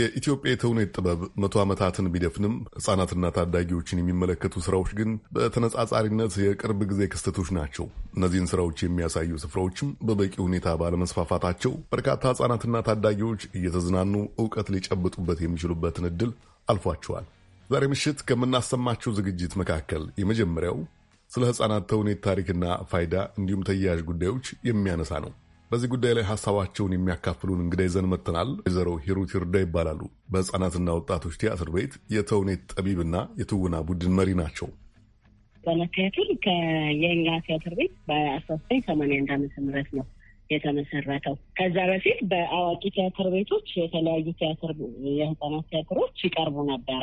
የኢትዮጵያ የተውኔት ጥበብ መቶ ዓመታትን ቢደፍንም ሕጻናትና ታዳጊዎችን የሚመለከቱ ስራዎች ግን በተነጻጻሪነት የቅርብ ጊዜ ክስተቶች ናቸው። እነዚህን ስራዎች የሚያሳዩ ስፍራዎችም በበቂ ሁኔታ ባለመስፋፋታቸው በርካታ ሕጻናትና ታዳጊዎች እየተዝናኑ እውቀት ሊጨብጡበት የሚችሉበትን እድል አልፏቸዋል። ዛሬ ምሽት ከምናሰማቸው ዝግጅት መካከል የመጀመሪያው ስለ ሕጻናት ተውኔት ታሪክና ፋይዳ እንዲሁም ተያያዥ ጉዳዮች የሚያነሳ ነው። በዚህ ጉዳይ ላይ ሀሳባቸውን የሚያካፍሉን እንግዳ ይዘን መጥተናል። ወይዘሮ ሂሩት ይርዳ ይባላሉ። በሕፃናትና ወጣቶች ቲያትር ቤት የተውኔት ጠቢብና የትውና ቡድን መሪ ናቸው። በመካየቱን ከየኛ ቲያትር ቤት በአስራ ዘጠኝ ሰማንያ አንድ ዓመተ ምህረት ነው የተመሰረተው። ከዛ በፊት በአዋቂ ቲያትር ቤቶች የተለያዩ ቲያትር የህፃናት ቲያትሮች ይቀርቡ ነበረ።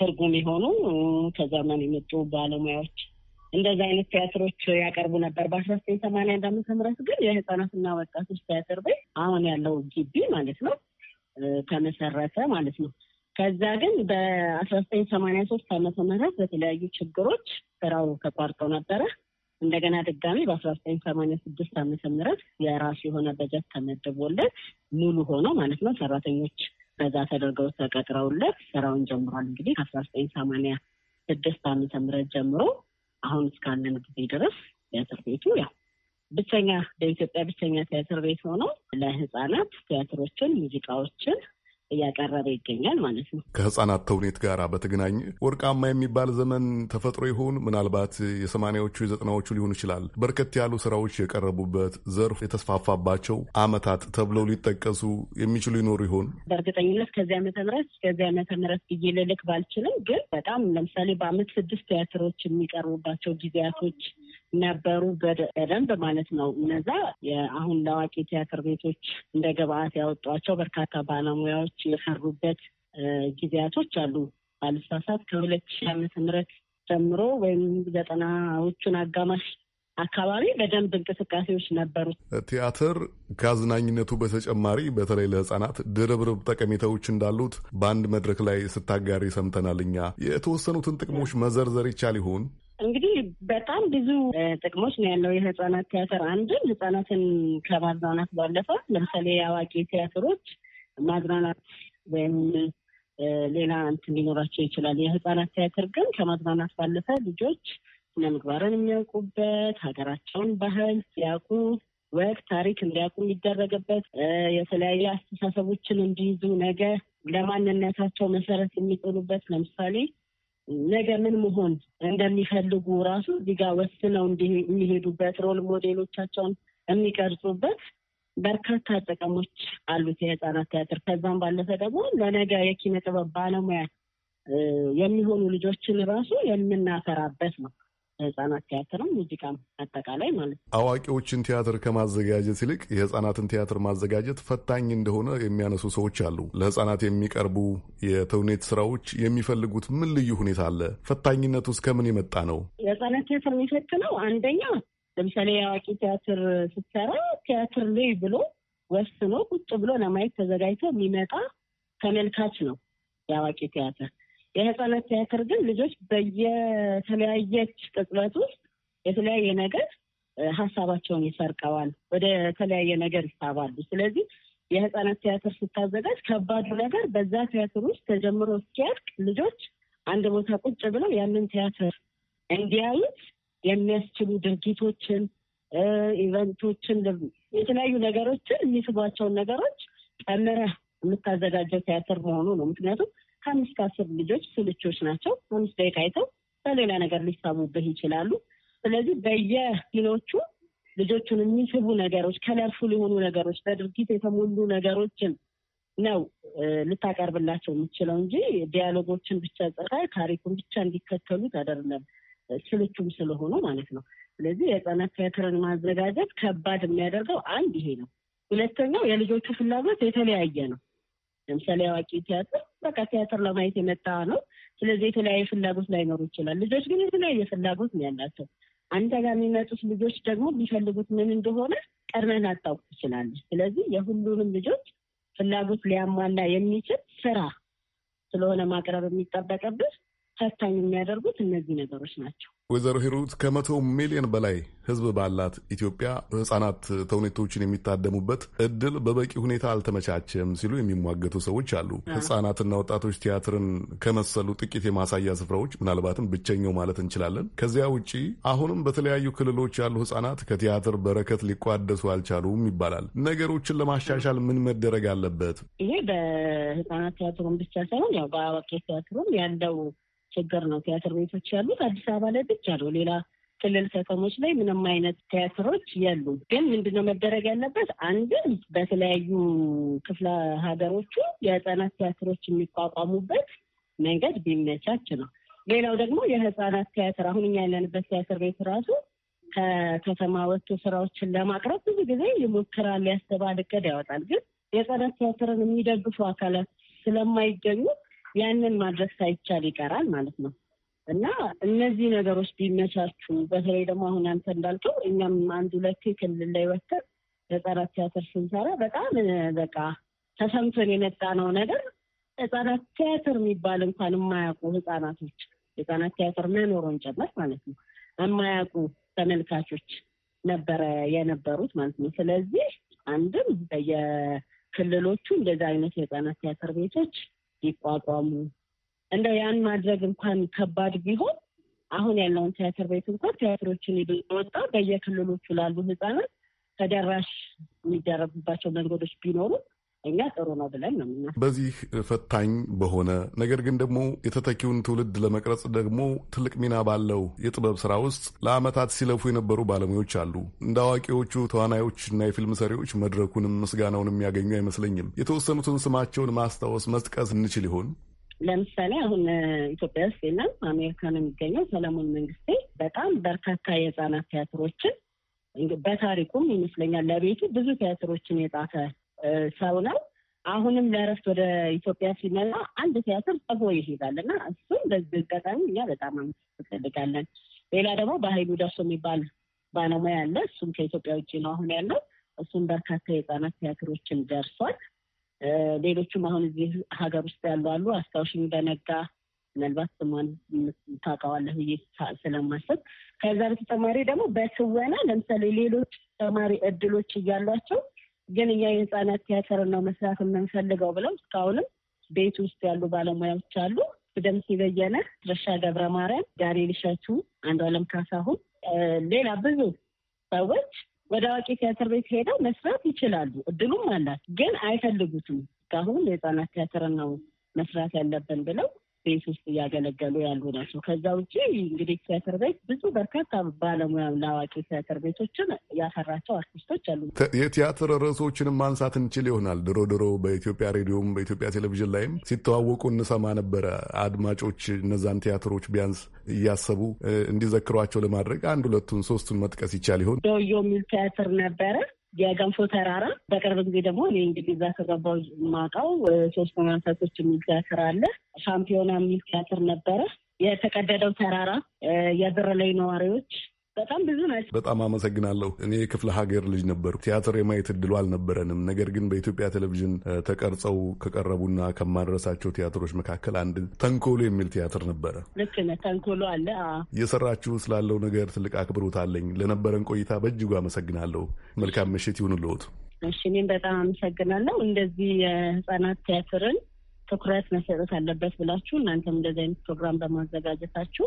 ትርጉም የሆኑ ከዘመን የመጡ ባለሙያዎች እንደዚህ አይነት ቲያትሮች ያቀርቡ ነበር። በአስራ ዘጠኝ ሰማንያ አንድ ዓመተ ምህረት ግን የህፃናትና ወጣቶች ቲያትር ቤት አሁን ያለው ግቢ ማለት ነው ተመሰረተ ማለት ነው። ከዛ ግን በአስራ ዘጠኝ ሰማንያ ሶስት ዓመተ ምህረት በተለያዩ ችግሮች ስራው ተቋርጦ ነበረ። እንደገና ድጋሚ በአስራ ዘጠኝ ሰማንያ ስድስት ዓመተ ምህረት የራሱ የሆነ በጀት ተመድቦለት ሙሉ ሆኖ ማለት ነው ሰራተኞች በዛ ተደርገው ተቀጥረውለት ስራውን ጀምሯል። እንግዲህ ከአስራ ዘጠኝ ሰማንያ ስድስት ዓመተ ምህረት ጀምሮ አሁን እስካለን ጊዜ ድረስ ቲያትር ቤቱ ያው ብቸኛ በኢትዮጵያ ብቸኛ ቲያትር ቤት ሆኖ ለህፃናት ቲያትሮችን፣ ሙዚቃዎችን እያቀረበ ይገኛል ማለት ነው። ከህጻናት ተውኔት ጋር በተገናኘ ወርቃማ የሚባል ዘመን ተፈጥሮ ይሆን? ምናልባት የሰማኒያዎቹ የዘጠናዎቹ ሊሆን ይችላል። በርከት ያሉ ስራዎች የቀረቡበት ዘርፍ የተስፋፋባቸው አመታት ተብለው ሊጠቀሱ የሚችሉ ይኖሩ ይሆን? በእርግጠኝነት ከዚህ ዓመተ ምህረት ከዚህ ዓመተ ምህረት ብዬ ልልክ ባልችልም፣ ግን በጣም ለምሳሌ በአመት ስድስት ቲያትሮች የሚቀርቡባቸው ጊዜያቶች ነበሩ በደንብ ማለት ነው። እነዛ የአሁን ለአዋቂ ቲያትር ቤቶች እንደ ግብአት ያወጧቸው በርካታ ባለሙያዎች የሰሩበት ጊዜያቶች አሉ። ባልሳሳት ከሁለት ሺህ ዓመተ ምህረት ጀምሮ ወይም ዘጠናዎቹን አጋማሽ አካባቢ በደንብ እንቅስቃሴዎች ነበሩ። ቲያትር ከአዝናኝነቱ በተጨማሪ በተለይ ለህፃናት ድርብርብ ጠቀሜታዎች እንዳሉት በአንድ መድረክ ላይ ስታጋሪ ሰምተናል። እኛ የተወሰኑትን ጥቅሞች መዘርዘር ይቻል ይሆን? እንግዲህ በጣም ብዙ ጥቅሞች ነው ያለው የህፃናት ቲያትር። አንድን ህፃናትን ከማዝናናት ባለፈ ለምሳሌ የአዋቂ ቲያትሮች ማዝናናት ወይም ሌላ እንትን ሊኖራቸው ይችላል። የህፃናት ቲያትር ግን ከማዝናናት ባለፈ ልጆች ምግባርን የሚያውቁበት ሀገራቸውን ባህል ሲያውቁ ወቅ ታሪክ እንዲያውቁ የሚደረግበት የተለያዩ አስተሳሰቦችን እንዲይዙ ነገ ለማንነታቸው መሰረት የሚጥሉበት ለምሳሌ ነገ ምን መሆን እንደሚፈልጉ ራሱ እዚህ ጋር ወስነው የሚሄዱበት ሮል ሞዴሎቻቸውን የሚቀርጹበት በርካታ ጥቅሞች አሉት የህፃናት ቲያትር። ከዛም ባለፈ ደግሞ ለነገ የኪነ ጥበብ ባለሙያ የሚሆኑ ልጆችን ራሱ የምናፈራበት ነው። ህጻናት ቲያትርም ሙዚቃም አጠቃላይ ማለት ነው። አዋቂዎችን ቲያትር ከማዘጋጀት ይልቅ የህጻናትን ቲያትር ማዘጋጀት ፈታኝ እንደሆነ የሚያነሱ ሰዎች አሉ። ለህጻናት የሚቀርቡ የተውኔት ስራዎች የሚፈልጉት ምን ልዩ ሁኔታ አለ? ፈታኝነቱ ውስጥ ከምን የመጣ ነው? የህጻናት ቲያትር የሚፈትነው አንደኛ፣ ለምሳሌ የአዋቂ ቲያትር ስትሰራ ቲያትር ልይ ብሎ ወስኖ ቁጭ ብሎ ለማየት ተዘጋጅቶ የሚመጣ ተመልካች ነው የአዋቂ ቲያትር የህፃናት ቲያትር ግን ልጆች በየተለያየች ቅጽበት ውስጥ የተለያየ ነገር ሀሳባቸውን ይሰርቀዋል፣ ወደ ተለያየ ነገር ይሳባሉ። ስለዚህ የህፃናት ቲያትር ስታዘጋጅ ከባዱ ነገር በዛ ቲያትር ውስጥ ተጀምሮ እስኪያድቅ ልጆች አንድ ቦታ ቁጭ ብለው ያንን ቲያትር እንዲያዩት የሚያስችሉ ድርጊቶችን፣ ኢቨንቶችን፣ የተለያዩ ነገሮችን የሚስቧቸውን ነገሮች ጨምረህ የምታዘጋጀው ቲያትር መሆኑ ነው። ምክንያቱም ከአምስት አስር ልጆች ስልቾች ናቸው። አምስት ደቂቃ አይተው በሌላ ነገር ሊሳቡብህ ይችላሉ። ስለዚህ በየፊኖቹ ልጆቹን የሚስቡ ነገሮች፣ ከለርፉል የሆኑ ነገሮች፣ በድርጊት የተሞሉ ነገሮችን ነው ልታቀርብላቸው የምችለው እንጂ ዲያሎጎችን ብቻ ጸራ ታሪኩን ብቻ እንዲከተሉ አይደለም። ስልቹም ስለሆኑ ማለት ነው። ስለዚህ የህጻናት ቲያትርን ማዘጋጀት ከባድ የሚያደርገው አንድ ይሄ ነው። ሁለተኛው የልጆቹ ፍላጎት የተለያየ ነው። ለምሳሌ አዋቂ ቲያትር በቃ ቲያትር ለማየት የመጣ ነው። ስለዚህ የተለያየ ፍላጎት ላይኖሩ ይችላል። ልጆች ግን የተለያየ ፍላጎት ነው ያላቸው። አንተ ጋር የሚመጡት ልጆች ደግሞ የሚፈልጉት ምን እንደሆነ ቀድመን ላታውቅ ትችላለች። ስለዚህ የሁሉንም ልጆች ፍላጎት ሊያሟላ የሚችል ስራ ስለሆነ ማቅረብ የሚጠበቅብህ ፈታኝ የሚያደርጉት እነዚህ ነገሮች ናቸው። ወይዘሮ ሂሩት ከመቶ ሚሊዮን በላይ ህዝብ ባላት ኢትዮጵያ ህጻናት ተውኔቶችን የሚታደሙበት እድል በበቂ ሁኔታ አልተመቻቸም ሲሉ የሚሟገቱ ሰዎች አሉ። ህጻናትና ወጣቶች ቲያትርን ከመሰሉ ጥቂት የማሳያ ስፍራዎች ምናልባትም ብቸኛው ማለት እንችላለን። ከዚያ ውጪ አሁንም በተለያዩ ክልሎች ያሉ ህጻናት ከቲያትር በረከት ሊቋደሱ አልቻሉም ይባላል። ነገሮችን ለማሻሻል ምን መደረግ አለበት? ይሄ በህጻናት ቲያትሩን ብቻ ሳይሆን ያው በአዋቂ ቲያትሩም ያለው ችግር ነው ቲያትር ቤቶች ያሉት። አዲስ አበባ ላይ ብቻ ነው። ሌላ ክልል ከተሞች ላይ ምንም አይነት ቲያትሮች የሉም። ግን ምንድነው መደረግ ያለበት? አንድም በተለያዩ ክፍለ ሀገሮቹ የህፃናት ቲያትሮች የሚቋቋሙበት መንገድ ቢመቻች ነው። ሌላው ደግሞ የህፃናት ቲያትር አሁን እኛ ያለንበት ቲያትር ቤት ራሱ ከከተማ ወጥቶ ስራዎችን ለማቅረብ ብዙ ጊዜ ይሞክራል፣ ያስተባል፣ እቅድ ያወጣል። ግን የህፃናት ቲያትርን የሚደግፉ አካላት ስለማይገኙ ያንን ማድረግ ሳይቻል ይቀራል ማለት ነው እና እነዚህ ነገሮች ቢመቻቹ፣ በተለይ ደግሞ አሁን አንተ እንዳልከው እኛም አንድ ሁለት ክልል ላይ ወተር ህጻናት ቲያትር ስንሰራ በጣም በቃ ተሰምቶን የመጣ ነው ነገር ህጻናት ቲያትር የሚባል እንኳን የማያውቁ ህጻናቶች ህጻናት ቲያትር መኖሩን ጨመር ማለት ነው የማያውቁ ተመልካቾች ነበረ የነበሩት ማለት ነው። ስለዚህ አንድም በየክልሎቹ እንደዚ አይነት የህጻናት ቲያትር ቤቶች ይቋቋሙ። እንደው ያን ማድረግ እንኳን ከባድ ቢሆን አሁን ያለውን ቲያትር ቤት እንኳን ቲያትሮችን ይዞ ወጣ በየክልሎቹ ላሉ ህጻናት ተደራሽ የሚደረጉባቸው መንገዶች ቢኖሩ እኛ ጥሩ ነው ብለን ነው ምና በዚህ ፈታኝ በሆነ ነገር ግን ደግሞ የተተኪውን ትውልድ ለመቅረጽ ደግሞ ትልቅ ሚና ባለው የጥበብ ስራ ውስጥ ለአመታት ሲለፉ የነበሩ ባለሙያዎች አሉ። እንደ አዋቂዎቹ ተዋናዮችና የፊልም ሰሪዎች መድረኩንም ምስጋናውን የሚያገኙ አይመስለኝም። የተወሰኑትን ስማቸውን ማስታወስ መጥቀስ እንችል ይሆን? ለምሳሌ አሁን ኢትዮጵያ ውስጥ የለም፣ አሜሪካ ነው የሚገኘው። ሰለሞን መንግስቴ በጣም በርካታ የህፃናት ቲያትሮችን በታሪኩም ይመስለኛል ለቤቱ ብዙ ቲያትሮችን የጻፈ ሰው ነው። አሁንም ለእረፍት ወደ ኢትዮጵያ ሲመጣ አንድ ቲያትር ጽፎ ይሄዳል እና እሱም በዚህ አጋጣሚ እኛ በጣም እንፈልጋለን። ሌላ ደግሞ በሀይሉ ደርሶ የሚባል ባለሙያ አለ። እሱም ከኢትዮጵያ ውጭ ነው አሁን ያለው። እሱም በርካታ የህፃናት ቲያትሮችን ደርሷል። ሌሎቹም አሁን እዚህ ሀገር ውስጥ ያሉ አሉ። አስታውሽኝ በነጋ ምናልባት ስሟን ታውቀዋለህ ብዬ ስለማሰብ። ከዛ በተጨማሪ ደግሞ በትወና ለምሳሌ ሌሎች ተማሪ እድሎች እያሏቸው ግን እኛ የህፃናት ቲያትርን ነው መስራት የምንፈልገው ብለው እስካሁንም ቤት ውስጥ ያሉ ባለሙያዎች አሉ። በደምስ በየነ፣ ረሻ ገብረ ማርያም፣ ዳንኤል እሸቱ፣ አንዱዓለም ካሳሁን፣ ሌላ ብዙ ሰዎች ወደ አዋቂ ቲያትር ቤት ሄደው መስራት ይችላሉ። እድሉም አላት፣ ግን አይፈልጉትም። እስካሁን የህፃናት ቲያትርን ነው መስራት ያለብን ብለው ቤት ውስጥ እያገለገሉ ያሉ ናቸው። ከዛ ውጭ እንግዲህ ቲያትር ቤት ብዙ በርካታ ባለሙያ ለአዋቂ ቲያትር ቤቶችን ያፈራቸው አርቲስቶች አሉ። የቲያትር ርዕሶችንም ማንሳት እንችል ይሆናል። ድሮ ድሮ በኢትዮጵያ ሬዲዮም በኢትዮጵያ ቴሌቪዥን ላይም ሲተዋወቁ እንሰማ ነበረ። አድማጮች እነዛን ቲያትሮች ቢያንስ እያሰቡ እንዲዘክሯቸው ለማድረግ አንድ ሁለቱን ሶስቱን መጥቀስ ይቻል ይሆን? ዶዮ የሚል ቲያትር ነበረ። የገንፎ ተራራ በቅርብ ጊዜ ደግሞ እኔ እንግዲህ እዛ ከገባሁ የማውቀው ሶስት መናሳቶች የሚል ቲያትር አለ። ሻምፒዮና የሚል ቲያትር ነበረ። የተቀደደው ተራራ፣ የብር ላይ ነዋሪዎች በጣም ብዙ ናቸው። በጣም አመሰግናለሁ። እኔ የክፍለ ሀገር ልጅ ነበርኩ። ቲያትር የማየት እድሉ አልነበረንም። ነገር ግን በኢትዮጵያ ቴሌቪዥን ተቀርጸው ከቀረቡና ከማድረሳቸው ቲያትሮች መካከል አንድ ተንኮሎ የሚል ቲያትር ነበረ። ልክ ነህ፣ ተንኮሎ አለ። እየሰራችሁ ስላለው ነገር ትልቅ አክብሮት አለኝ። ለነበረን ቆይታ በእጅጉ አመሰግናለሁ። መልካም ምሽት ይሁንልዎት። እሺ፣ እኔም በጣም አመሰግናለሁ። እንደዚህ የህጻናት ቲያትርን ትኩረት መሰጠት አለበት ብላችሁ እናንተም እንደዚህ አይነት ፕሮግራም በማዘጋጀታችሁ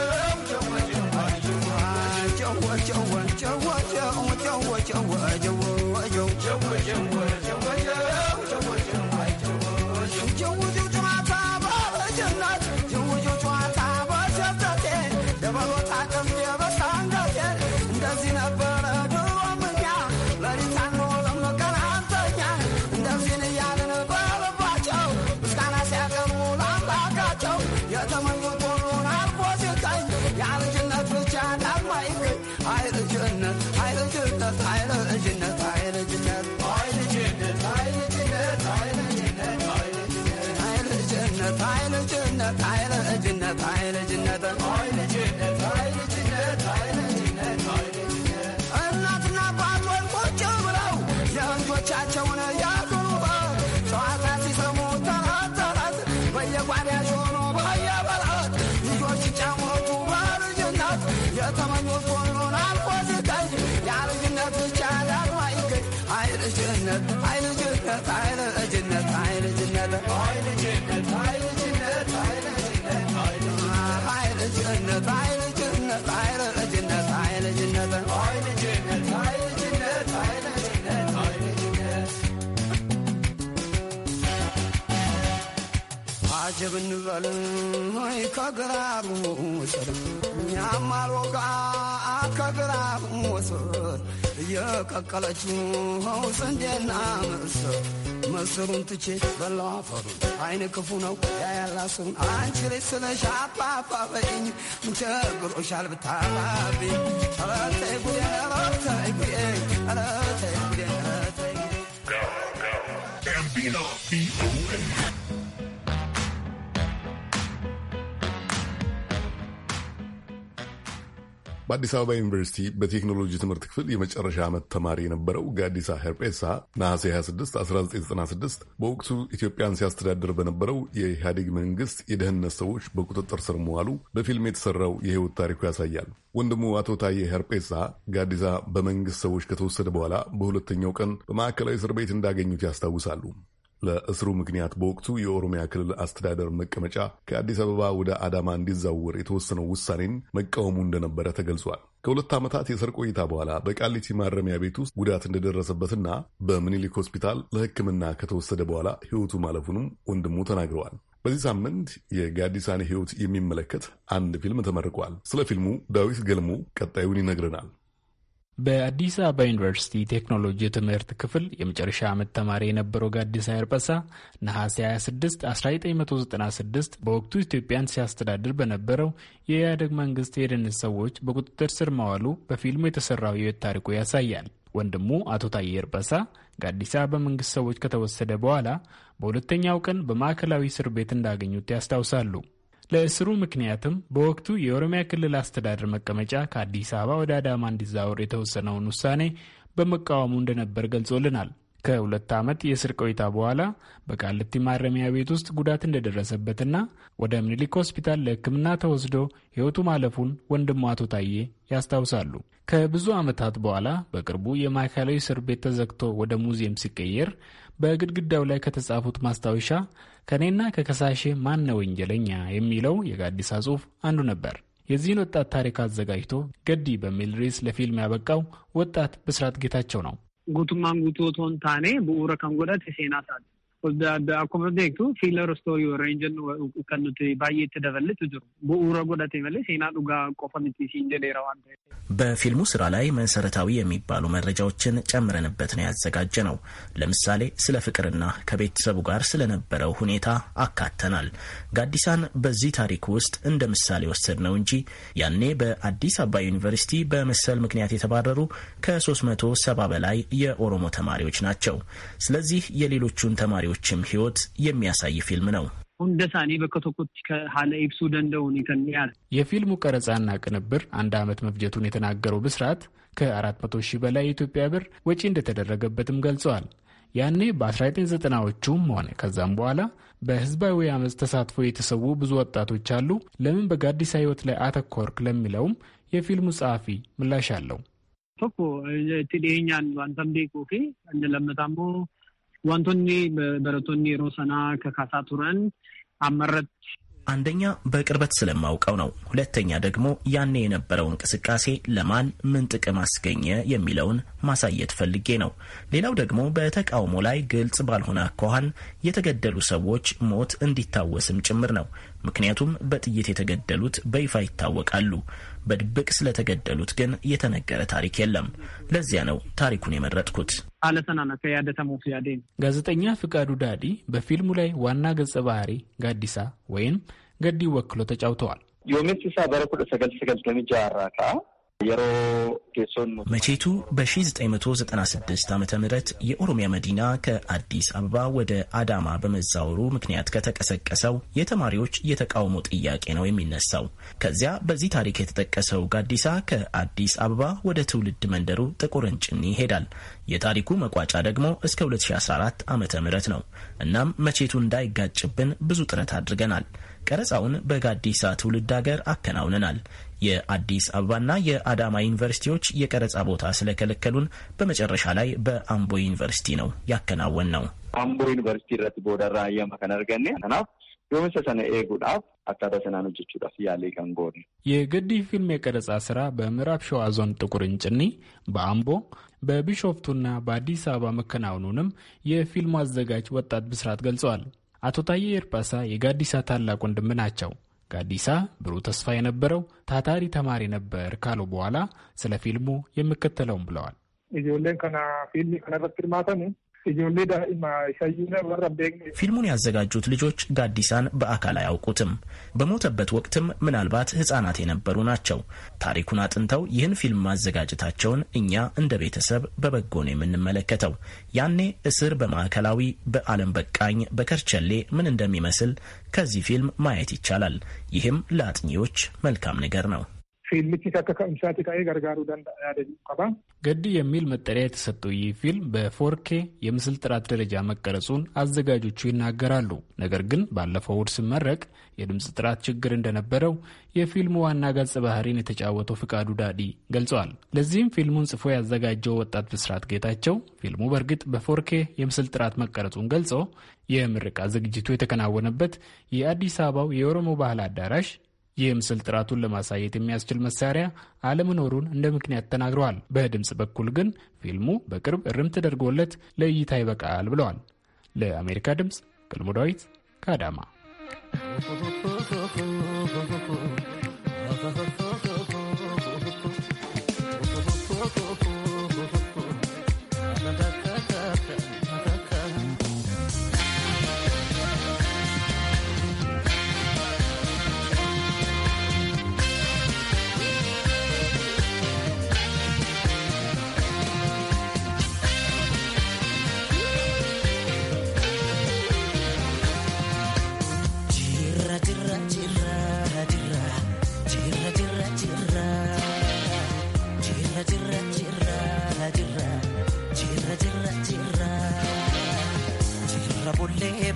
ጀብን በል ሆይ ከግራሩ ስር እኛማል ወጋ ከግራሩ ስር እየቀቀለችው ሆው ስንዴና ምስር ምስሩን ትቼ በላው አፈሩ አይን ክፉ ነው ያያላስሩን አንቺ ልጅ ስለሽ አባባበኝ ምን ቸግሮሻል ብታባብኝ ረተይ ጉዴ ረተይ ጉዴ ረተይ ጉዴ ረተይ ጉዴ በአዲስ አበባ ዩኒቨርሲቲ በቴክኖሎጂ ትምህርት ክፍል የመጨረሻ ዓመት ተማሪ የነበረው ጋዲሳ ሄርጴሳ ነሐሴ 26 1996 በወቅቱ ኢትዮጵያን ሲያስተዳድር በነበረው የኢህአዴግ መንግስት የደህንነት ሰዎች በቁጥጥር ስር መዋሉ በፊልም የተሰራው የህይወት ታሪኩ ያሳያል። ወንድሙ አቶ ታዬ ሄርጴሳ ጋዲሳ በመንግስት ሰዎች ከተወሰደ በኋላ በሁለተኛው ቀን በማዕከላዊ እስር ቤት እንዳገኙት ያስታውሳሉ። ለእስሩ ምክንያት በወቅቱ የኦሮሚያ ክልል አስተዳደር መቀመጫ ከአዲስ አበባ ወደ አዳማ እንዲዛወር የተወሰነው ውሳኔን መቃወሙ እንደነበረ ተገልጿል። ከሁለት ዓመታት የእስር ቆይታ በኋላ በቃሊቲ ማረሚያ ቤት ውስጥ ጉዳት እንደደረሰበትና በምኒልክ ሆስፒታል ለሕክምና ከተወሰደ በኋላ ሕይወቱ ማለፉንም ወንድሙ ተናግረዋል። በዚህ ሳምንት የጋዲሳኔ ሕይወት የሚመለከት አንድ ፊልም ተመርቋል። ስለ ፊልሙ ዳዊት ገልሞ ቀጣዩን ይነግረናል። በአዲስ አበባ ዩኒቨርሲቲ ቴክኖሎጂ ትምህርት ክፍል የመጨረሻ ዓመት ተማሪ የነበረው ጋዲሳ ኤርበሳ ነሐሴ 26 1996 በወቅቱ ኢትዮጵያን ሲያስተዳድር በነበረው የኢህአደግ መንግስት የደህንነት ሰዎች በቁጥጥር ስር መዋሉ በፊልሙ የተሰራው የሕይወት ታሪኩ ያሳያል። ወንድሙ አቶ ታዬ ጋዲስ ጋዲሳ በመንግስት ሰዎች ከተወሰደ በኋላ በሁለተኛው ቀን በማዕከላዊ እስር ቤት እንዳገኙት ያስታውሳሉ። ለእስሩ ምክንያትም በወቅቱ የኦሮሚያ ክልል አስተዳደር መቀመጫ ከአዲስ አበባ ወደ አዳማ እንዲዛወር የተወሰነውን ውሳኔ በመቃወሙ እንደነበር ገልጾልናል። ከሁለት ዓመት የእስር ቆይታ በኋላ በቃልቲ ማረሚያ ቤት ውስጥ ጉዳት እንደደረሰበትና ወደ ምኒልክ ሆስፒታል ለሕክምና ተወስዶ ሕይወቱ ማለፉን ወንድሙ አቶ ታዬ ያስታውሳሉ። ከብዙ ዓመታት በኋላ በቅርቡ የማዕከላዊ እስር ቤት ተዘግቶ ወደ ሙዚየም ሲቀየር በግድግዳው ላይ ከተጻፉት ማስታወሻ ከእኔና ከከሳሼ ማን ነው ወንጀለኛ የሚለው የጋዲሳ ጽሑፍ አንዱ ነበር። የዚህን ወጣት ታሪክ አዘጋጅቶ ገዲ በሚል ርዕስ ለፊልም ያበቃው ወጣት ብስራት ጌታቸው ነው። ጉቱማን ጉቶቶን ታኔ ብኡረ ከንጎዳ ሴናት The, the, akkuma beektu fiilar istoorii reenjan kan nuti baay'eetti dabaletu jiru bu'uura godhate malee seenaa dhugaa qofa miti siin jedheera waan ta'eef. በፊልሙ ስራ ላይ መሰረታዊ የሚባሉ መረጃዎችን ጨምረንበት ነው ያዘጋጀ ነው። ለምሳሌ ስለ ፍቅርና ከቤተሰቡ ጋር ስለነበረው ሁኔታ አካተናል። ጋዲሳን በዚህ ታሪክ ውስጥ እንደ ምሳሌ ወሰድ ነው እንጂ ያኔ በአዲስ አበባ ዩኒቨርሲቲ በመሰል ምክንያት የተባረሩ ከ370 በላይ የኦሮሞ ተማሪዎች ናቸው። ስለዚህ የሌሎቹን ተማሪዎች ተማሪዎችም ህይወት የሚያሳይ ፊልም ነው። ሁንደሳኔ በከቶኮች ከሀለ ኢብሱ ደንደውን ይተንያል የፊልሙ ቀረጻና ቅንብር አንድ ዓመት መፍጀቱን የተናገረው ብስራት ከ400 ሺህ በላይ የኢትዮጵያ ብር ወጪ እንደተደረገበትም ገልጸዋል። ያኔ በ1990ዎቹም ሆነ ከዛም በኋላ በህዝባዊ አመፅ ተሳትፎ የተሰዉ ብዙ ወጣቶች አሉ። ለምን በጋዲሳ ህይወት ላይ አተኮርክ ለሚለውም የፊልሙ ጸሐፊ ምላሽ አለው። ቶኮ ቲዴኛን ዋንተምቤቆፌ እንደለመታሞ ዋንቶኒ በረቶኒ ሮሰና ከካሳ ቱረን አመረት አንደኛ በቅርበት ስለማውቀው ነው። ሁለተኛ ደግሞ ያኔ የነበረው እንቅስቃሴ ለማን ምን ጥቅም አስገኘ የሚለውን ማሳየት ፈልጌ ነው። ሌላው ደግሞ በተቃውሞ ላይ ግልጽ ባልሆነ አኳኋን የተገደሉ ሰዎች ሞት እንዲታወስም ጭምር ነው። ምክንያቱም በጥይት የተገደሉት በይፋ ይታወቃሉ። በድብቅ ስለተገደሉት ግን የተነገረ ታሪክ የለም። ለዚያ ነው ታሪኩን የመረጥኩት። ጋዜጠኛ ፍቃዱ ዳዲ በፊልሙ ላይ ዋና ገጸ ባህሪ ጋዲሳ ወይም ገዲ ወክሎ ተጫውተዋል። የሚስሳ በረኩ ሰገል ሰገል ደሚጃ አራካ መቼቱ በ1996 ዓ ም የኦሮሚያ መዲና ከአዲስ አበባ ወደ አዳማ በመዛወሩ ምክንያት ከተቀሰቀሰው የተማሪዎች የተቃውሞ ጥያቄ ነው የሚነሳው። ከዚያ በዚህ ታሪክ የተጠቀሰው ጋዲሳ ከአዲስ አበባ ወደ ትውልድ መንደሩ ጥቁር እንጭኒ ይሄዳል። የታሪኩ መቋጫ ደግሞ እስከ 2014 ዓ ም ነው። እናም መቼቱ እንዳይጋጭብን ብዙ ጥረት አድርገናል። ቀረጻውን በጋዲሳ ትውልድ ሀገር አከናውነናል። የአዲስ አበባና የአዳማ ዩኒቨርሲቲዎች የቀረጻ ቦታ ስለከለከሉን በመጨረሻ ላይ በአምቦ ዩኒቨርሲቲ ነው ያከናወን ነው። አምቦ ዩኒቨርሲቲ ረት ቦደራ የመከን አርገኔ የመሰሰነ ኤጉዳፍ አካዳሰናኑ ጅቹዳፍ ያሌ ከንጎን የገዲ ፊልም የቀረጻ ስራ በምዕራብ ሸዋ ዞን ጥቁር እንጭኒ፣ በአምቦ በቢሾፍቱና በአዲስ አበባ መከናወኑንም የፊልሙ አዘጋጅ ወጣት ብስራት ገልጸዋል። አቶ ታዬ ኤርጳሳ የጋዲሳ ታላቅ ወንድም ናቸው። ጋዲሳ ብሩህ ተስፋ የነበረው ታታሪ ተማሪ ነበር ካሉ በኋላ ስለ ፊልሙ የሚከተለውም ብለዋል። ፊልሙን ያዘጋጁት ልጆች ጋዲሳን በአካል አያውቁትም። በሞተበት ወቅትም ምናልባት ሕጻናት የነበሩ ናቸው። ታሪኩን አጥንተው ይህን ፊልም ማዘጋጀታቸውን እኛ እንደ ቤተሰብ በበጎ ነው የምንመለከተው። ያኔ እስር በማዕከላዊ በአለም በቃኝ በከርቸሌ ምን እንደሚመስል ከዚህ ፊልም ማየት ይቻላል። ይህም ለአጥኚዎች መልካም ነገር ነው። ፊልሚችስ akka ka'umsaatti ta'ee gargaaruu danda'a yaadachuu qaba። ገዱ የሚል መጠሪያ የተሰጠው ይህ ፊልም በፎርኬ የምስል ጥራት ደረጃ መቀረጹን አዘጋጆቹ ይናገራሉ። ነገር ግን ባለፈው እሁድ ሲመረቅ የድምፅ ጥራት ችግር እንደነበረው የፊልሙ ዋና ገጸ ባህሪን የተጫወተው ፍቃዱ ዳዲ ገልጸዋል። ለዚህም ፊልሙን ጽፎ ያዘጋጀው ወጣት ብስራት ጌታቸው ፊልሙ በእርግጥ በፎርኬ የምስል ጥራት መቀረጹን ገልጾ የምርቃ ዝግጅቱ የተከናወነበት የአዲስ አበባው የኦሮሞ ባህል አዳራሽ ይህ ምስል ጥራቱን ለማሳየት የሚያስችል መሳሪያ አለመኖሩን እንደ ምክንያት ተናግረዋል። በድምፅ በኩል ግን ፊልሙ በቅርብ እርም ተደርጎለት ለእይታ ይበቃል ብለዋል። ለአሜሪካ ድምፅ ገልሞ ዳዊት ከአዳማ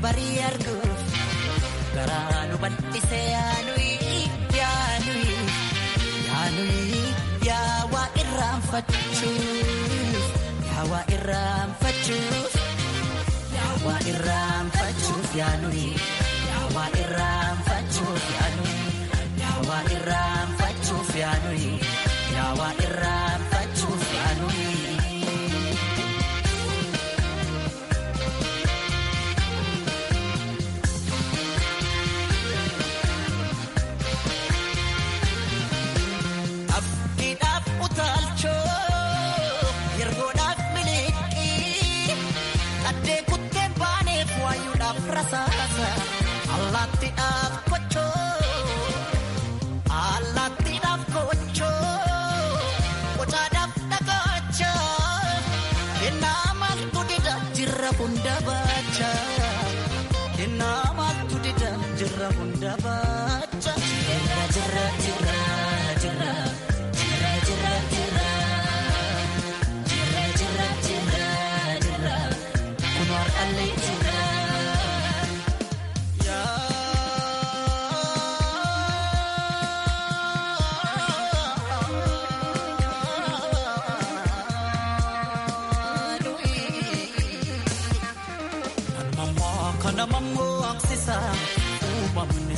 barii arguuf garaa nu bal'isee yaanuyi yaanuyi yaanuyi yaawaa irraanfachuuf yaawaa irraanfachuuf yaawaa irraanfachuuf yaanuyi yaawaa irraanfachuuf asaasa allaatti dhaaf gochoo allaatti dhaaf gochoo gochaadhaaf dhagachoo kennaa maal godhedha jirra kun dabala.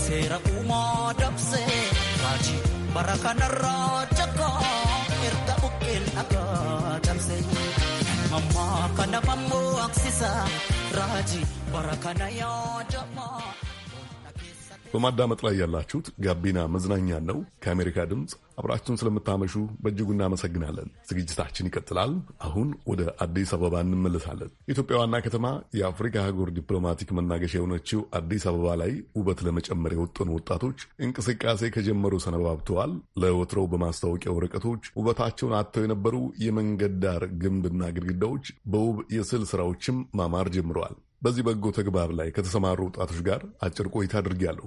seera uumaa dabsee kaachii bara kanarraa jabaa erga bukkeen dhagaa dabsee mammaa kana mammoo aksisa raajii bara kana yaa. በማዳመጥ ላይ ያላችሁት ጋቢና መዝናኛ ነው ከአሜሪካ ድምፅ። አብራችሁን ስለምታመሹ በእጅጉ እናመሰግናለን። ዝግጅታችን ይቀጥላል። አሁን ወደ አዲስ አበባ እንመለሳለን። የኢትዮጵያ ዋና ከተማ የአፍሪካ አህጉር ዲፕሎማቲክ መናገሻ የሆነችው አዲስ አበባ ላይ ውበት ለመጨመር የወጠኑ ወጣቶች እንቅስቃሴ ከጀመሩ ሰነባብተዋል። ለወትሮው በማስታወቂያ ወረቀቶች ውበታቸውን አጥተው የነበሩ የመንገድ ዳር ግንብና ግድግዳዎች በውብ የስዕል ስራዎችም ማማር ጀምረዋል። በዚህ በጎ ተግባር ላይ ከተሰማሩ ወጣቶች ጋር አጭር ቆይታ አድርጌያለሁ።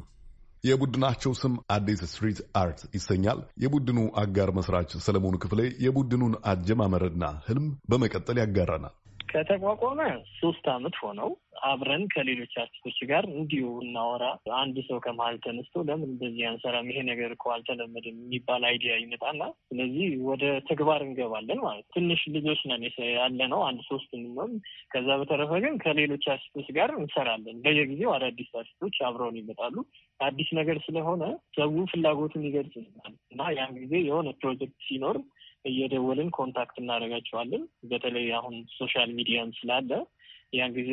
የቡድናቸው ስም አዲስ ስትሪት አርት ይሰኛል። የቡድኑ አጋር መስራች ሰለሞኑ ክፍሌ የቡድኑን አጀማመርና ህልም በመቀጠል ያጋራናል። ከተቋቋመ ሶስት አመት ሆነው አብረን ከሌሎች አርቲስቶች ጋር እንዲሁ እናወራ። አንድ ሰው ከመሀል ተነስቶ ለምን እንደዚህ አንሰራም ይሄ ነገር እኮ አልተለመደም የሚባል አይዲያ ይመጣና ስለዚህ ወደ ተግባር እንገባለን ማለት ትንሽ ልጆች ነን ያለ ነው አንድ ሶስት ንም። ከዛ በተረፈ ግን ከሌሎች አርቲስቶች ጋር እንሰራለን። በየጊዜው አዳዲስ አርቲስቶች አብረውን ይመጣሉ። አዲስ ነገር ስለሆነ ሰው ፍላጎቱን ይገልጽናል እና ያን ጊዜ የሆነ ፕሮጀክት ሲኖር እየደወልን ኮንታክት እናደርጋቸዋለን። በተለይ አሁን ሶሻል ሚዲያም ስላለ ያን ጊዜ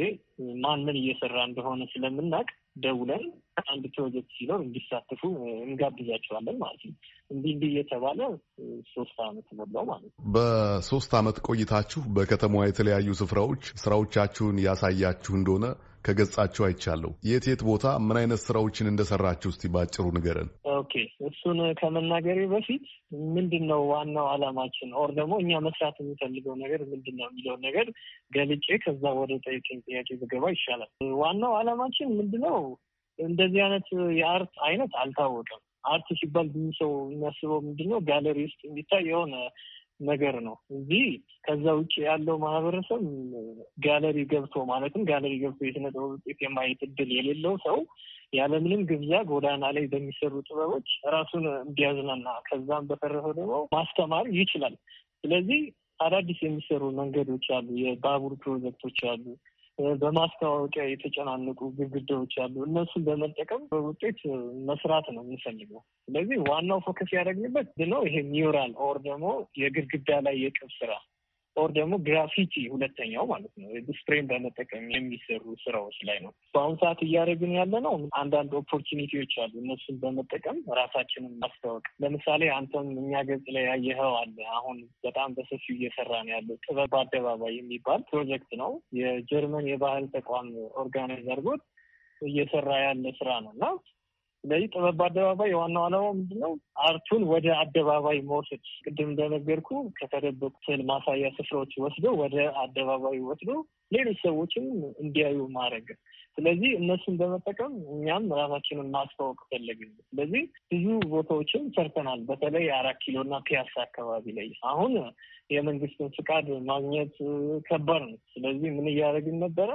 ማን ምን እየሰራ እንደሆነ ስለምናውቅ ደውለን አንድ ፕሮጀክት ሲኖር እንዲሳተፉ እንጋብዛቸዋለን ማለት ነው። እንዲህ እንዲህ እየተባለ ሶስት አመት ሞላው ማለት ነው። በሶስት አመት ቆይታችሁ በከተማዋ የተለያዩ ስፍራዎች ስራዎቻችሁን ያሳያችሁ እንደሆነ ከገጻችሁ አይቻለሁ። የት የት ቦታ ምን አይነት ስራዎችን እንደሰራችሁ እስቲ ባጭሩ ንገረን። ኦኬ፣ እሱን ከመናገሬ በፊት ምንድን ነው ዋናው አላማችን ኦር ደግሞ እኛ መስራት የሚፈልገው ነገር ምንድን ነው የሚለውን ነገር ገልጬ ከዛ ወደ ጠየቀኝ ጥያቄ ዝገባ ይሻላል። ዋናው አላማችን ምንድን ነው? እንደዚህ አይነት የአርት አይነት አልታወቀም። አርት ሲባል ብዙ ሰው የሚያስበው ምንድን ነው? ጋለሪ ውስጥ የሚታይ የሆነ ነገር ነው እንጂ ከዛ ውጭ ያለው ማህበረሰብ ጋለሪ ገብቶ ማለትም ጋለሪ ገብቶ የስነ ጥበብ ውጤት የማየት እድል የሌለው ሰው ያለምንም ግብዣ ጎዳና ላይ በሚሰሩ ጥበቦች ራሱን እንዲያዝናና ከዛም በተረፈ ደግሞ ማስተማር ይችላል። ስለዚህ አዳዲስ የሚሰሩ መንገዶች አሉ፣ የባቡር ፕሮጀክቶች አሉ። በማስታወቂያ የተጨናነቁ ግድግዳዎች አሉ። እነሱን በመጠቀም በውጤት መስራት ነው የምንፈልገው። ስለዚህ ዋናው ፎከስ ያደረግንበት ነው ይሄ ኒውራል ኦር ደግሞ የግድግዳ ላይ የቅብ ስራ ኦር ደግሞ ግራፊቲ ሁለተኛው ማለት ነው። ዲስፕሬን በመጠቀም የሚሰሩ ስራዎች ላይ ነው በአሁኑ ሰዓት እያደረግን ያለ ነው። አንዳንድ ኦፖርቹኒቲዎች አሉ። እነሱን በመጠቀም ራሳችንን ማስተዋወቅ። ለምሳሌ አንተም እኛ ገጽ ላይ ያየኸው አለ። አሁን በጣም በሰፊው እየሰራ ነው ያለው ጥበብ በአደባባይ የሚባል ፕሮጀክት ነው። የጀርመን የባህል ተቋም ኦርጋናይዝ አድርጎት እየሰራ ያለ ስራ ነው እና ስለዚህ ጥበብ በአደባባይ የዋናው ዓላማው ምንድነው? አርቱን ወደ አደባባይ መውሰድ። ቅድም እንደነገርኩ ከተደበቁ ስዕል ማሳያ ስፍራዎች ወስዶ ወደ አደባባይ ወስዶ ሌሎች ሰዎችም እንዲያዩ ማድረግ። ስለዚህ እነሱን በመጠቀም እኛም ራሳችንን ማስታወቅ ፈለግን። ስለዚህ ብዙ ቦታዎችን ሰርተናል። በተለይ አራት ኪሎ እና ፒያሳ አካባቢ ላይ አሁን የመንግስትን ፍቃድ ማግኘት ከባድ ነው። ስለዚህ ምን እያደረግን ነበረ?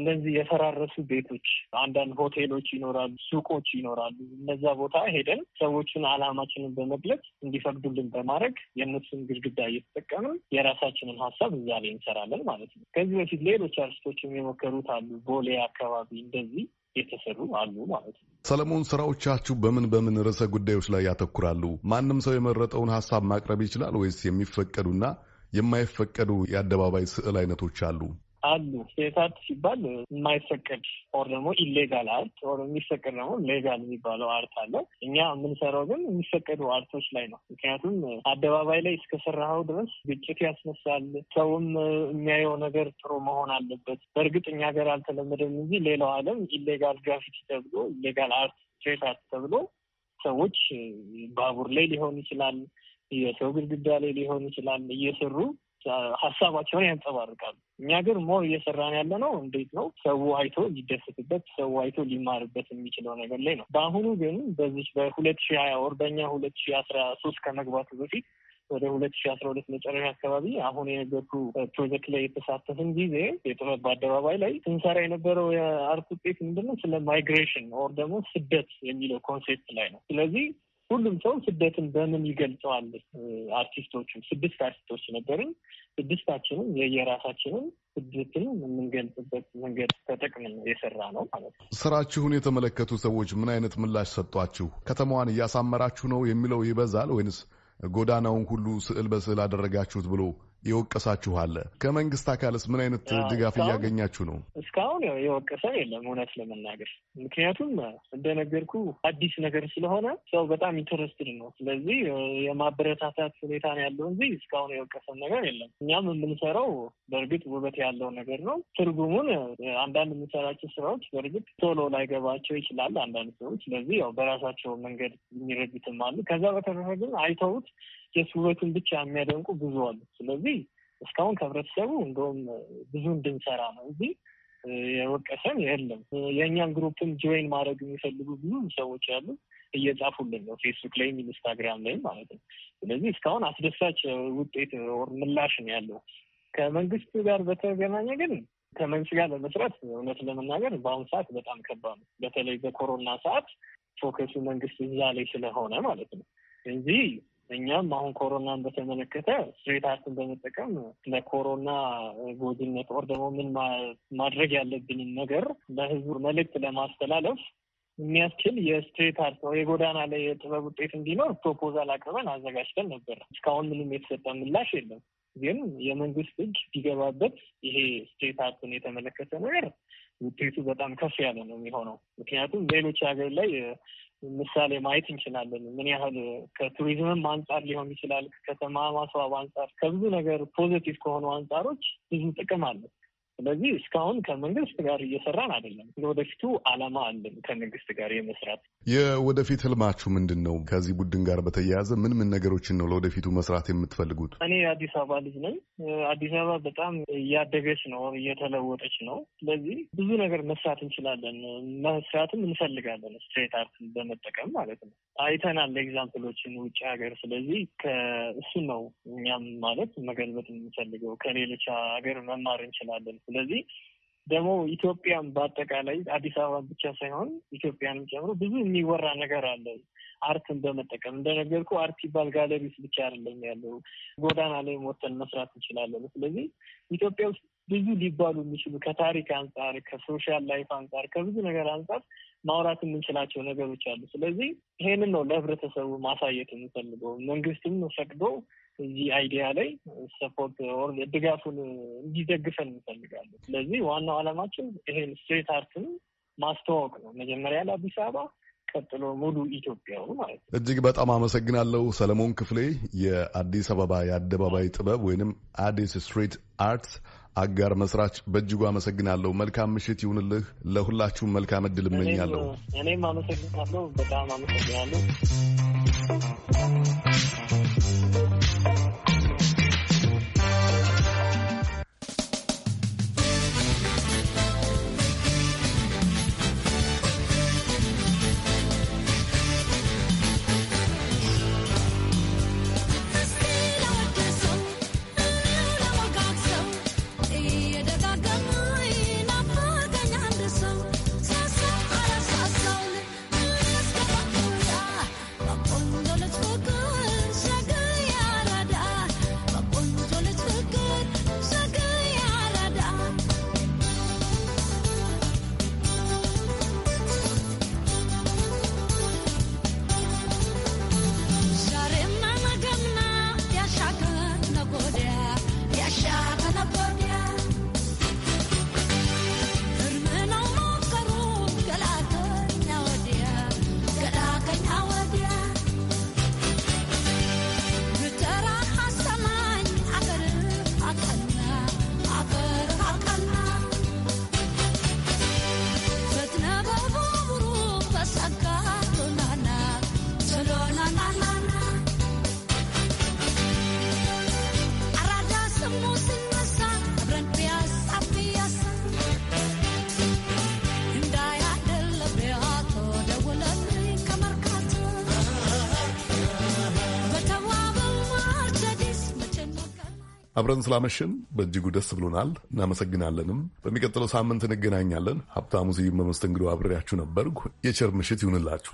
እነዚህ የፈራረሱ ቤቶች፣ አንዳንድ ሆቴሎች ይኖራሉ፣ ሱቆች ይኖራሉ። እነዛ ቦታ ሄደን ሰዎቹን አላማችንን በመግለጽ እንዲፈቅዱልን በማድረግ የእነሱን ግድግዳ እየተጠቀምን የራሳችንን ሀሳብ እዛ ላይ እንሰራለን ማለት ነው። ከዚህ በፊት ሌሎች አርቲስቶችም የሞከሩት አሉ። ቦሌ አካባቢ እንደዚህ የተሰሩ አሉ ማለት ነው። ሰለሞን፣ ስራዎቻችሁ በምን በምን ርዕሰ ጉዳዮች ላይ ያተኩራሉ? ማንም ሰው የመረጠውን ሀሳብ ማቅረብ ይችላል ወይስ የሚፈቀዱና የማይፈቀዱ የአደባባይ ስዕል አይነቶች አሉ? አሉ። ሴታት አርት ሲባል የማይፈቀድ ኦር ደግሞ ኢሌጋል አርት ኦር የሚፈቀድ ደግሞ ሌጋል የሚባለው አርት አለ። እኛ የምንሰራው ግን የሚፈቀዱ አርቶች ላይ ነው። ምክንያቱም አደባባይ ላይ እስከሰራኸው ድረስ ግጭት ያስነሳል። ሰውም የሚያየው ነገር ጥሩ መሆን አለበት። በእርግጥ እኛ ሀገር አልተለመደም እንጂ ሌላው ዓለም ኢሌጋል ግራፊቲ ተብሎ ኢሌጋል አርት ስትሬት አርት ተብሎ ሰዎች ባቡር ላይ ሊሆን ይችላል፣ የሰው ግድግዳ ላይ ሊሆን ይችላል እየሰሩ ሀሳባቸውን ያንጸባርቃሉ። እኛ ግን ሞር እየሰራን ያለ ነው እንዴት ነው ሰው አይቶ ሊደሰትበት ሰው አይቶ ሊማርበት የሚችለው ነገር ላይ ነው። በአሁኑ ግን በዚህ በሁለት ሺ ሀያ ወር በእኛ ሁለት ሺ አስራ ሶስት ከመግባቱ በፊት ወደ ሁለት ሺ አስራ ሁለት መጨረሻ አካባቢ አሁን የነገርኩ ፕሮጀክት ላይ የተሳተፍን ጊዜ የጥበብ በአደባባይ ላይ ስንሰራ የነበረው የአርት ውጤት ምንድነው ስለ ማይግሬሽን ኦር ደግሞ ስደት የሚለው ኮንሴፕት ላይ ነው። ስለዚህ ሁሉም ሰው ስደትን በምን ይገልጸዋል? አርቲስቶችም ስድስት አርቲስቶች ነበርን። ስድስታችንም የየራሳችንም ስደትን የምንገልጽበት መንገድ ተጠቅምን የሰራ ነው ማለት ነው። ስራችሁን የተመለከቱ ሰዎች ምን አይነት ምላሽ ሰጧችሁ? ከተማዋን እያሳመራችሁ ነው የሚለው ይበዛል ወይንስ ጎዳናውን ሁሉ ስዕል በስዕል አደረጋችሁት ብሎ የወቀሳችሁ ከመንግስት አካልስ ምን አይነት ድጋፍ እያገኛችሁ ነው? እስካሁን ያው የወቀሰን የለም እውነት ለመናገር ምክንያቱም እንደነገርኩ አዲስ ነገር ስለሆነ ሰው በጣም ኢንተረስትድ ነው። ስለዚህ የማበረታታት ሁኔታ ነው ያለው እንጂ እስካሁን የወቀሰን ነገር የለም። እኛም የምንሰራው በእርግጥ ውበት ያለው ነገር ነው። ትርጉሙን አንዳንድ የምንሰራቸው ስራዎች በእርግጥ ቶሎ ላይገባቸው ይችላል አንዳንድ ሰዎች። ስለዚህ ያው በራሳቸው መንገድ የሚረዱትም አሉ። ከዛ በተረፈ ግን አይተውት ውበቱን ብቻ የሚያደንቁ ብዙ አሉ። ስለዚህ እስካሁን ከህብረተሰቡ እንደውም ብዙ እንድንሰራ ነው እንጂ የወቀሰን የለም። የእኛን ግሩፕን ጆይን ማድረግ የሚፈልጉ ብዙ ሰዎች ያሉ እየጻፉልን ነው፣ ፌስቡክ ላይም ኢንስታግራም ላይም ማለት ነው። ስለዚህ እስካሁን አስደሳች ውጤት ወር ምላሽ ነው ያለው። ከመንግስት ጋር በተገናኘ ግን ከመንግስት ጋር ለመስራት እውነት ለመናገር በአሁኑ ሰዓት በጣም ከባድ ነው። በተለይ በኮሮና ሰዓት ፎከሱ መንግስት እዛ ላይ ስለሆነ ማለት ነው እንጂ እኛም አሁን ኮሮናን በተመለከተ ስትሬት አርትን በመጠቀም ለኮሮና ጎድነት ኦር ደግሞ ምን ማድረግ ያለብንን ነገር ለህዝቡ መልእክት ለማስተላለፍ የሚያስችል የስትሬት አርት የጎዳና ላይ የጥበብ ውጤት እንዲኖር ፕሮፖዛል አቅርበን አዘጋጅተን ነበር። እስካሁን ምንም የተሰጠ ምላሽ የለም። ግን የመንግስት እጅ ቢገባበት ይሄ ስትሬት አርትን የተመለከተ ነገር ውጤቱ በጣም ከፍ ያለ ነው የሚሆነው። ምክንያቱም ሌሎች ሀገር ላይ ምሳሌ ማየት እንችላለን። ምን ያህል ከቱሪዝምም አንጻር ሊሆን ይችላል፣ ከተማ ማስዋብ አንጻር፣ ከብዙ ነገር ፖዘቲቭ ከሆኑ አንጻሮች ብዙ ጥቅም አለ። ስለዚህ እስካሁን ከመንግስት ጋር እየሰራን አይደለም። ለወደፊቱ አላማ አለን ከመንግስት ጋር የመስራት። የወደፊት ህልማችሁ ምንድን ነው? ከዚህ ቡድን ጋር በተያያዘ ምን ምን ነገሮችን ነው ለወደፊቱ መስራት የምትፈልጉት? እኔ የአዲስ አበባ ልጅ ነኝ። አዲስ አበባ በጣም እያደገች ነው፣ እየተለወጠች ነው። ስለዚህ ብዙ ነገር መስራት እንችላለን፣ መስራትም እንፈልጋለን። ስትሬት አርትን በመጠቀም ማለት ነው። አይተናል ኤግዛምፕሎችን ውጭ ሀገር። ስለዚህ ከእሱ ነው እኛም ማለት መገልበጥ የምንፈልገው ከሌሎች ሀገር መማር እንችላለን። ስለዚህ ደግሞ ኢትዮጵያን በአጠቃላይ አዲስ አበባ ብቻ ሳይሆን ኢትዮጵያንም ጨምሮ ብዙ የሚወራ ነገር አለ። አርትን በመጠቀም እንደነገርኩ አርት ሲባል ጋለሪስ ብቻ አይደለም ያለው፣ ጎዳና ላይ ሞተን መስራት እንችላለን። ስለዚህ ኢትዮጵያ ውስጥ ብዙ ሊባሉ የሚችሉ ከታሪክ አንጻር፣ ከሶሻል ላይፍ አንጻር፣ ከብዙ ነገር አንጻር ማውራት የምንችላቸው ነገሮች አሉ። ስለዚህ ይሄንን ነው ለህብረተሰቡ ማሳየት የምንፈልገው መንግስትም ፈቅዶ እዚህ አይዲያ ላይ ሰፖርት ኦር ድጋፉን እንዲደግፈን እንፈልጋለን። ስለዚህ ዋናው ዓላማችን ይሄን ስትሬት አርትን ማስተዋወቅ ነው። መጀመሪያ ለአዲስ አበባ ቀጥሎ ሙሉ ኢትዮጵያው ማለት ነው። እጅግ በጣም አመሰግናለሁ። ሰለሞን ክፍሌ የአዲስ አበባ የአደባባይ ጥበብ ወይንም አዲስ ስትሪት አርት አጋር መስራች፣ በእጅጉ አመሰግናለሁ። መልካም ምሽት ይሁንልህ። ለሁላችሁም መልካም እድል እመኛለሁ። እኔም አመሰግናለሁ። በጣም አመሰግናለሁ። አብረን ስላመሽን በእጅጉ ደስ ብሎናል። እናመሰግናለንም። በሚቀጥለው ሳምንት እንገናኛለን። ሀብታሙ ስዩም በመስተንግዶ አብሬያችሁ ነበርኩ። የቸር ምሽት ይሁንላችሁ።